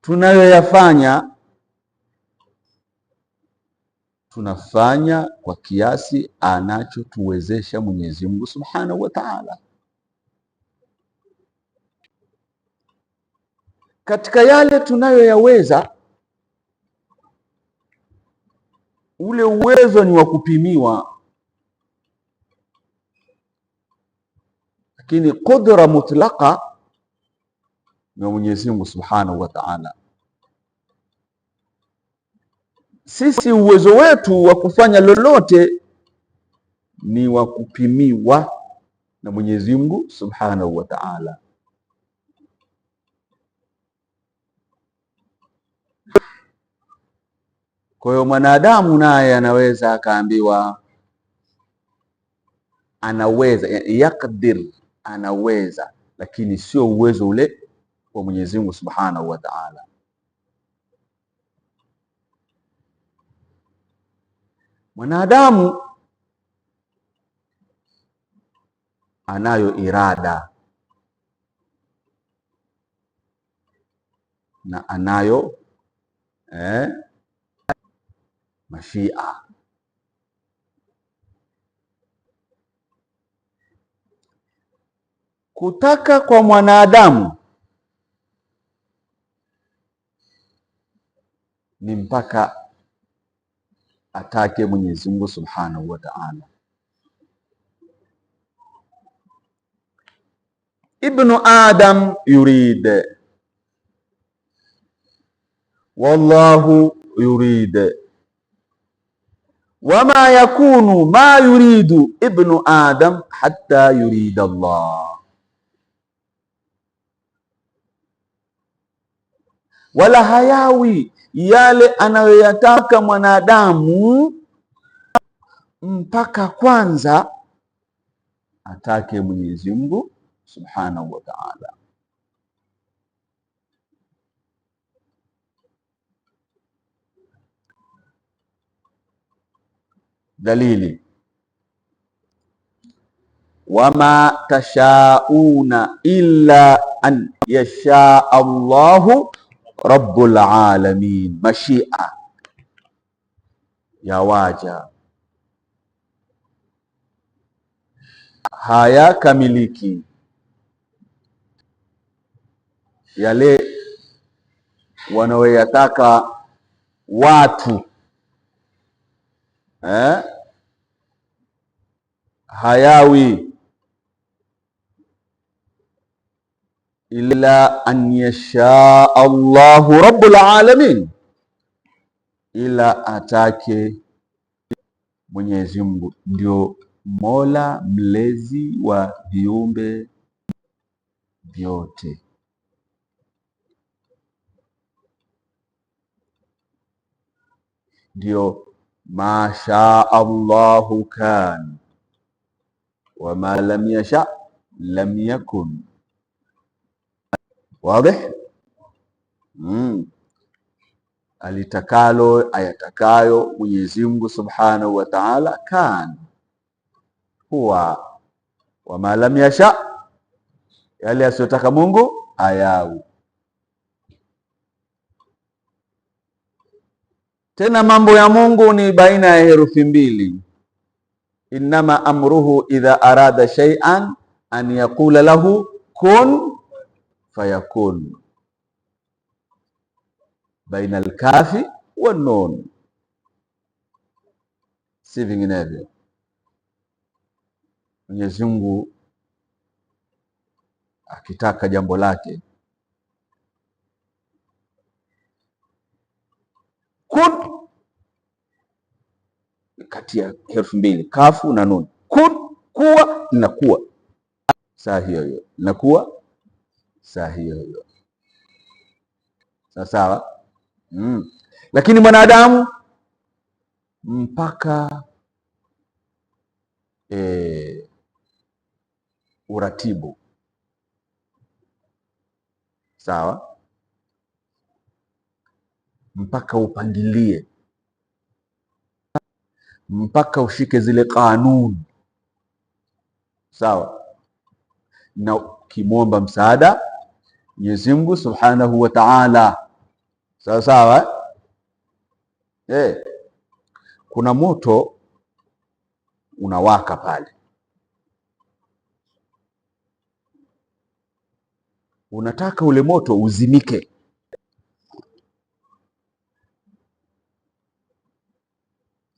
tunayoyafanya tunafanya kwa kiasi anachotuwezesha Mwenyezi Mungu Subhanahu wa Ta'ala. Katika yale tunayoyaweza, ule uwezo ni wa kupimiwa, lakini qudra mutlaka na Mwenyezi Mungu Subhanahu wa Ta'ala. Sisi uwezo wetu wa kufanya lolote ni wa kupimiwa na Mwenyezi Mungu Subhanahu wa Ta'ala. Kwa hiyo mwanadamu naye anaweza akaambiwa anaweza yakdir, anaweza, lakini sio uwezo ule wa Mwenyezi Mungu Subhanahu wa Ta'ala. Mwanadamu anayo irada na anayo eh, mashia. Kutaka kwa mwanadamu ni mpaka atake Mwenyezi Mungu Subhanahu wa Ta'ala. Ibnu Adam yurid, wallahu yurid, wama yakunu ma yuridu ibnu Adam hatta yurid Allah wala hayawi yale anayoyataka mwanadamu mpaka kwanza atake Mwenyezi Mungu Subhanahu wa Ta'ala. Dalili, wama tashauna illa an yasha Allahu rabbul alamin, mashia ya waja hayakamiliki yale wanaoyataka watu eh? hayawi illa an yasha Allahu rabbul alamin, ila atake Mwenyezi Mungu ndio mola mlezi wa viumbe vyote. Ndio masha Allahu kan wama lam yasha lam yakun Wabe? Mm. Alitakalo ayatakayo Mwenyezi Mungu Subhanahu wa Ta'ala, kan huwa, wama lam yasha, yale asiyotaka Mungu ayawu Tena mambo ya Mungu ni baina ya herufi mbili, innama amruhu idha arada shay'an an yaqula lahu kun fayakun baina alkafi wa nun, si vinginevyo. Mwenyezi Mungu akitaka jambo lake kun, kati ya herufi mbili kafu na nun, kun, kuwa linakuwa, saa hiyo hiyo linakuwa saa hiyo hiyo, sawa sawa mm. Lakini mwanadamu mpaka e, uratibu sawa, mpaka upangilie, mpaka ushike zile kanuni sawa, na ukimwomba msaada Mwenyezi Mungu Subhanahu wa Ta'ala. Sawa sawa eh? Eh, kuna moto unawaka pale, unataka ule moto uzimike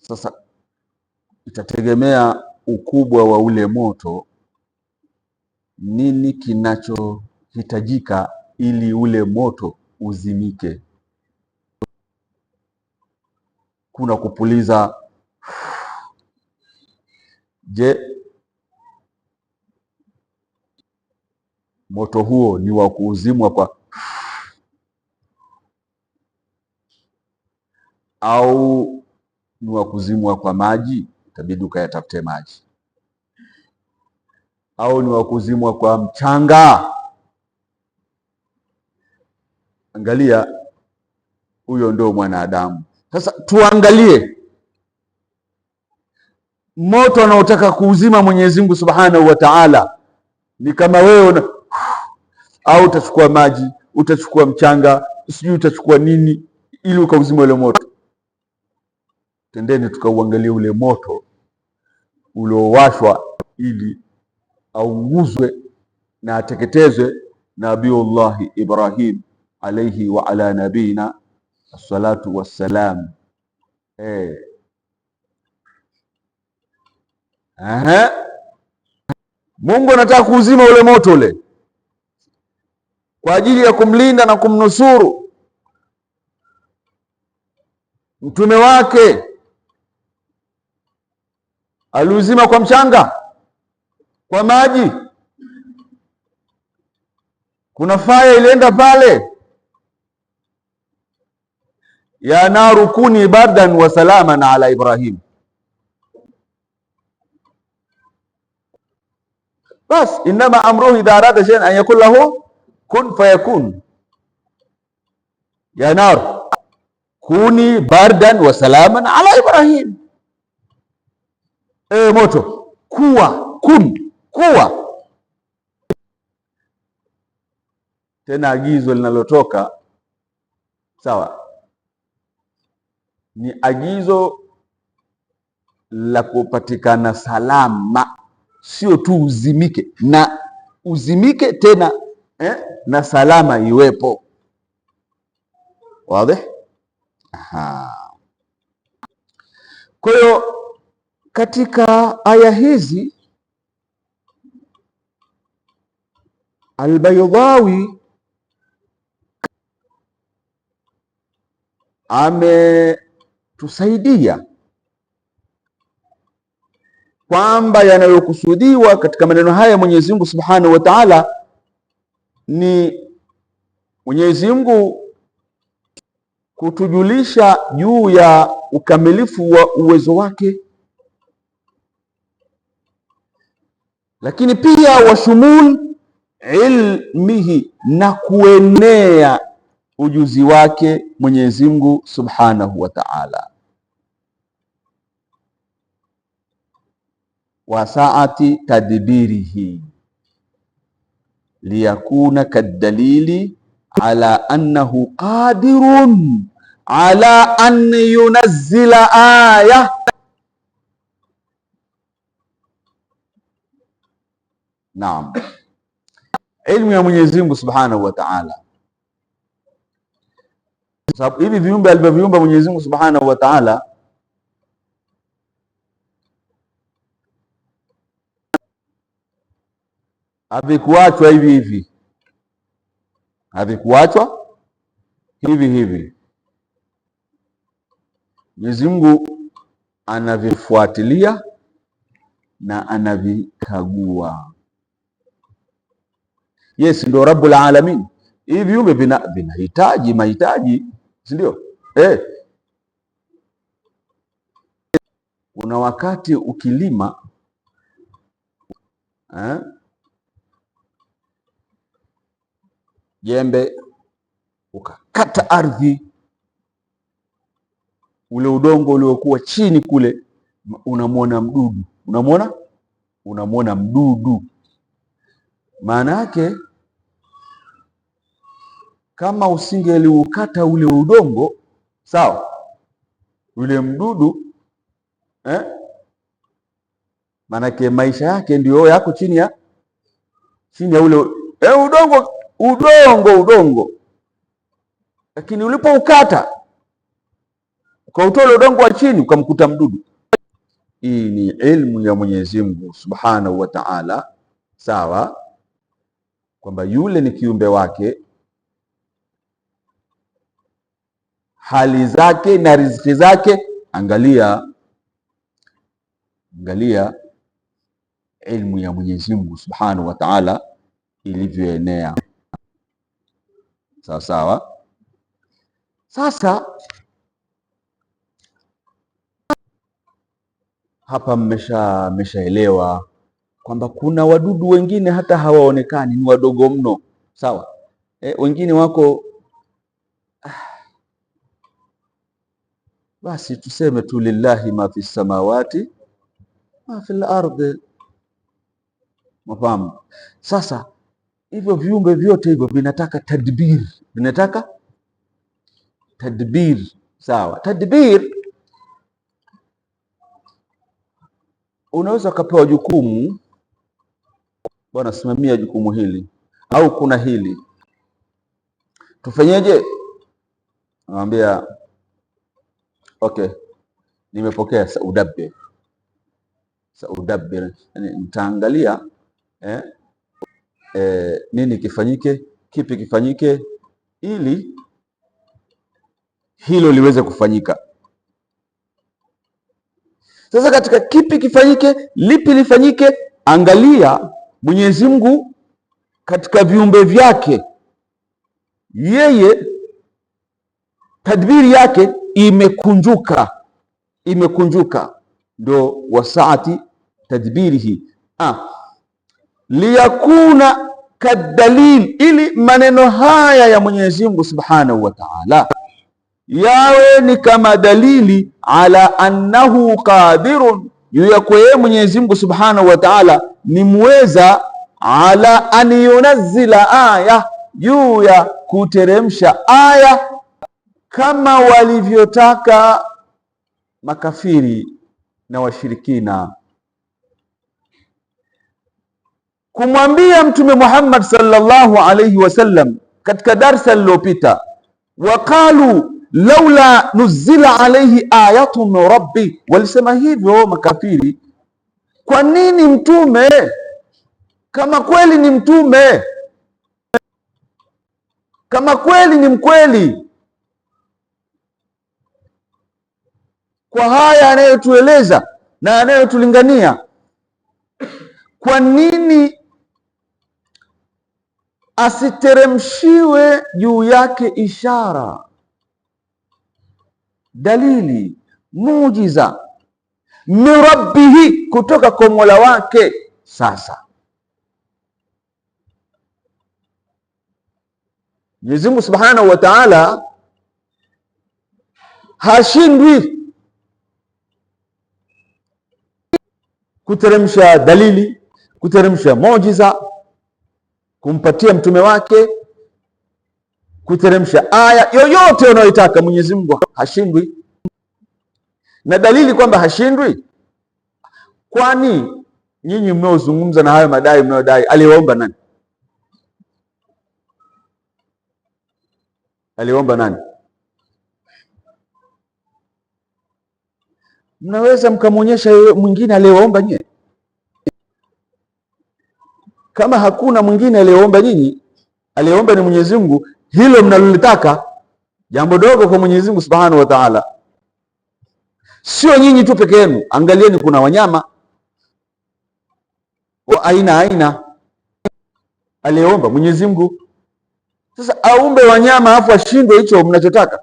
Sasa itategemea ukubwa wa ule moto, nini kinacho hitajika ili ule moto uzimike. Kuna kupuliza. Je, moto huo ni wa kuuzimwa kwa au ni wa kuzimwa kwa maji? Itabidi ukayatafute maji. Au ni wa kuzimwa kwa mchanga? Angalia, huyo ndio mwanadamu. Sasa tuangalie moto anaotaka kuuzima Mwenyezi Mungu Subhanahu wa Ta'ala, ni kama wewe una au utachukua maji, utachukua mchanga, sijui utachukua nini ili ukauzima ule moto. Tendeni tukauangalia ule moto uliowashwa ili aunguzwe na ateketezwe Nabiullahi Ibrahim alaihi wa ala nabina assalatu wassalam. Eh. Aha. Mungu anataka kuuzima ule moto ule kwa ajili ya kumlinda na kumnusuru mtume wake. Aliuzima kwa mchanga, kwa maji. Kuna faya ilienda pale ya naru kuni bardan wa salaman ala Ibrahim. Bas, innama amruhu idha arada shay'an an yakun lahu kun fayakun. Ya naru kuni bardan wa salaman ala Ibrahim. E, moto kuwa, kun kuwa. Tena agizo linalotoka sawa ni agizo la kupatikana salama, sio tu uzimike na uzimike tena eh, na salama iwepo. Wazi? Aha. Kwa hiyo katika aya hizi Albaydawi ame tusaidia kwamba yanayokusudiwa katika maneno haya Mwenyezi Mungu Subhanahu wa Ta'ala ni Mwenyezi Mungu kutujulisha juu ya ukamilifu wa uwezo wake, lakini pia washumul ilmihi, na kuenea ujuzi wake Mwenyezi Mungu Subhanahu wa Ta'ala. wa saati tadbirihi liyakuna kadalili ala annahu qadirun ala an yunazzila aya Naam, ilmu ya Mwenyezi Mungu Subhanahu wa Ta'ala, sababu hivi viumbe alivyoviumba Mwenyezi Mungu Subhanahu wa Ta'ala havikuachwa hivi hivi, havikuachwa hivi hivi. Mwenyezi Mungu anavifuatilia na anavikagua. Yes, ndio Rabbul Alamin. Hivi viumbe vinahitaji mahitaji, si ndio? Eh, kuna wakati ukilima eh? jembe ukakata ardhi, ule udongo uliokuwa chini kule, unamwona mdudu, unamwona unamwona mdudu. Maana yake kama usingeliukata ule udongo, sawa, ule mdudu eh? Maanake maisha yake ndio yako chini ya chini ya ule eh, udongo udongo udongo, lakini ulipoukata ukautoa udongo wa chini ukamkuta mdudu. Hii ni ilmu ya Mwenyezi Mungu Subhanahu wa Ta'ala, sawa, kwamba yule ni kiumbe wake, hali zake na riziki zake. Angalia, angalia ilmu ya Mwenyezi Mungu Subhanahu wa Ta'ala ilivyoenea. Sawa sawa. Sasa hapa mmesha mmeshaelewa kwamba kuna wadudu wengine hata hawaonekani, ni wadogo mno, sawa e, wengine wako basi tuseme tu lillahi ma fi samawati ma al-ardh, mafahamu sasa hivyo viumbe vyote hivyo vinataka tadbir, vinataka tadbir. Sawa, tadbir, unaweza ukapewa jukumu, bwana, simamia jukumu hili au kuna hili tufanyeje? Naambia okay, nimepokea saudabir, saudabir, yani nitaangalia eh e, nini kifanyike, kipi kifanyike ili hilo liweze kufanyika. Sasa katika kipi kifanyike, lipi lifanyike, angalia Mwenyezi Mungu katika viumbe vyake yeye tadbiri yake imekunjuka, imekunjuka ndo wasaati tadbirihi ah liyakuna kadalil, ili maneno haya ya Mwenyezi Mungu Subhanahu wa Ta'ala yawe ni kama dalili ala annahu qadirun, juu ya kuwa yeye Mwenyezi Mungu Subhanahu wa Ta'ala ni muweza, ala an yunazzila aya, juu ya kuteremsha aya kama walivyotaka makafiri na washirikina kumwambia Mtume Muhammad sallallahu alayhi wasallam katika darsa lililopita, waqalu laula nuzila alayhi ayatu min rabbi, walisema hivyo makafiri, kwa nini mtume kama kweli ni mtume kama kweli ni mkweli kwa haya anayotueleza na anayotulingania, kwa nini asiteremshiwe juu yake ishara, dalili, muujiza min rabbihi, kutoka kwa Mola wake. Sasa Mwenyezi Mungu Subhanahu wa Ta'ala hashindwi kuteremsha dalili, kuteremsha muujiza kumpatia mtume wake kuteremsha aya yoyote unayoitaka. Mwenyezi Mungu hashindwi, na dalili kwamba hashindwi, kwani nyinyi mnaozungumza na hayo madai mnayodai, aliwaomba nani? Aliwaomba nani? Mnaweza mkamwonyesha mwingine aliyewaomba nyie? Kama hakuna mwingine aliyeomba nyinyi, aliyeomba ni Mwenyezi Mungu, hilo mnalolitaka jambo dogo kwa Mwenyezi Mungu Subhanahu wa Ta'ala. Sio nyinyi tu peke yenu, angalieni, kuna wanyama wa aina aina aliyeomba Mwenyezi Mungu. Sasa aumbe wanyama afu ashindwe hicho mnachotaka?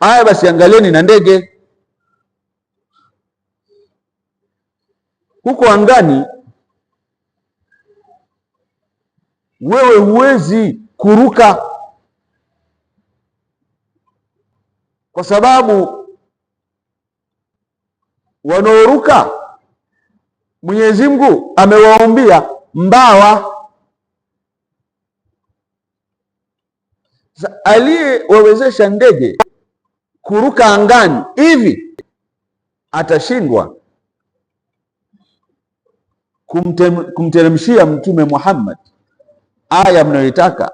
Haya basi, angalieni na ndege huko angani, wewe huwezi kuruka kwa sababu wanaoruka Mwenyezi Mungu amewaumbia mbawa. Aliyewawezesha ndege kuruka angani hivi atashindwa kumteremshia Mtume Muhammad aya mnayoitaka,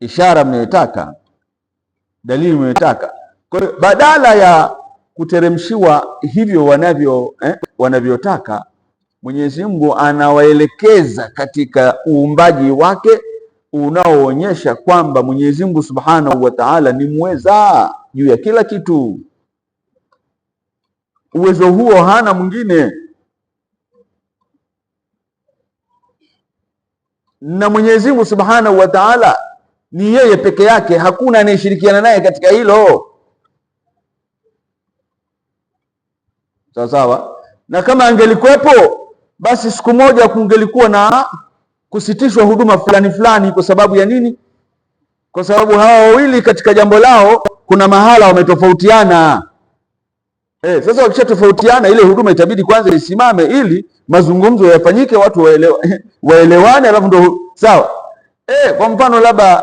ishara mnayoitaka, dalili mnayoitaka. Kwa hiyo badala ya kuteremshiwa hivyo wanavyo eh, wanavyotaka Mwenyezi Mungu anawaelekeza katika uumbaji wake unaoonyesha kwamba Mwenyezi Mungu Subhanahu wa Ta'ala ni mweza juu ya kila kitu. Uwezo huo hana mwingine. na Mwenyezi Mungu Subhanahu wa Ta'ala ni yeye peke yake, hakuna anayeshirikiana naye katika hilo. Sawa sawa. Na kama angelikuwepo, basi siku moja kungelikuwa na kusitishwa huduma fulani fulani. Kwa sababu ya nini? Kwa sababu hawa wawili katika jambo lao kuna mahala wametofautiana. Eh, sasa wakishatofautiana ile huduma itabidi kwanza isimame ili mazungumzo yafanyike, watu waelewane, waelewane alafu ndo sawa. Eh, kwa mfano labda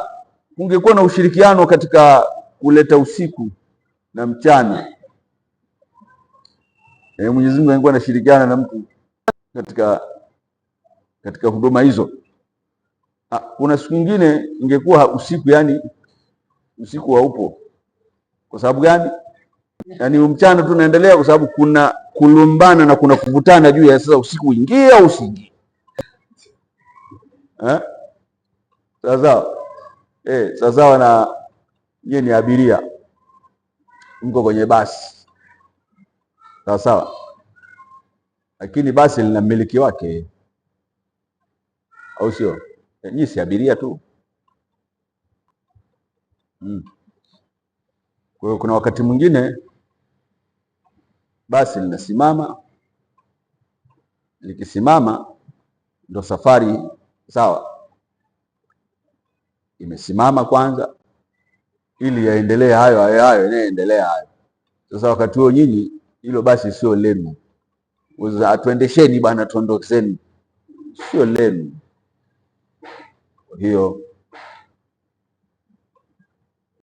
kungekuwa na ushirikiano katika kuleta usiku na mchana. Eh, Mwenyezi Mungu angekuwa anashirikiana na mtu katika katika huduma hizo. Ha, ah, kuna siku nyingine ingekuwa usiku, yani usiku haupo. Kwa sababu gani? yaani mchana tu naendelea, kwa sababu kuna kulumbana na kuna kuvutana juu ya sasa usiku uingie au usiingie. sasa eh, sasa na nyie ni abiria, mko kwenye basi, sawa lakini basi lina mmiliki wake, au sio? Eh, nyie si abiria tu hmm. Kwa hiyo kuna wakati mwingine basi linasimama. Likisimama ndo safari sawa, imesimama kwanza, ili yaendelee hayo hayo hayo inayoendelea hayo. Sasa wakati huo nyinyi hilo basi sio lenu, atuendesheni bwana, tuondokeni, sio lenu hiyo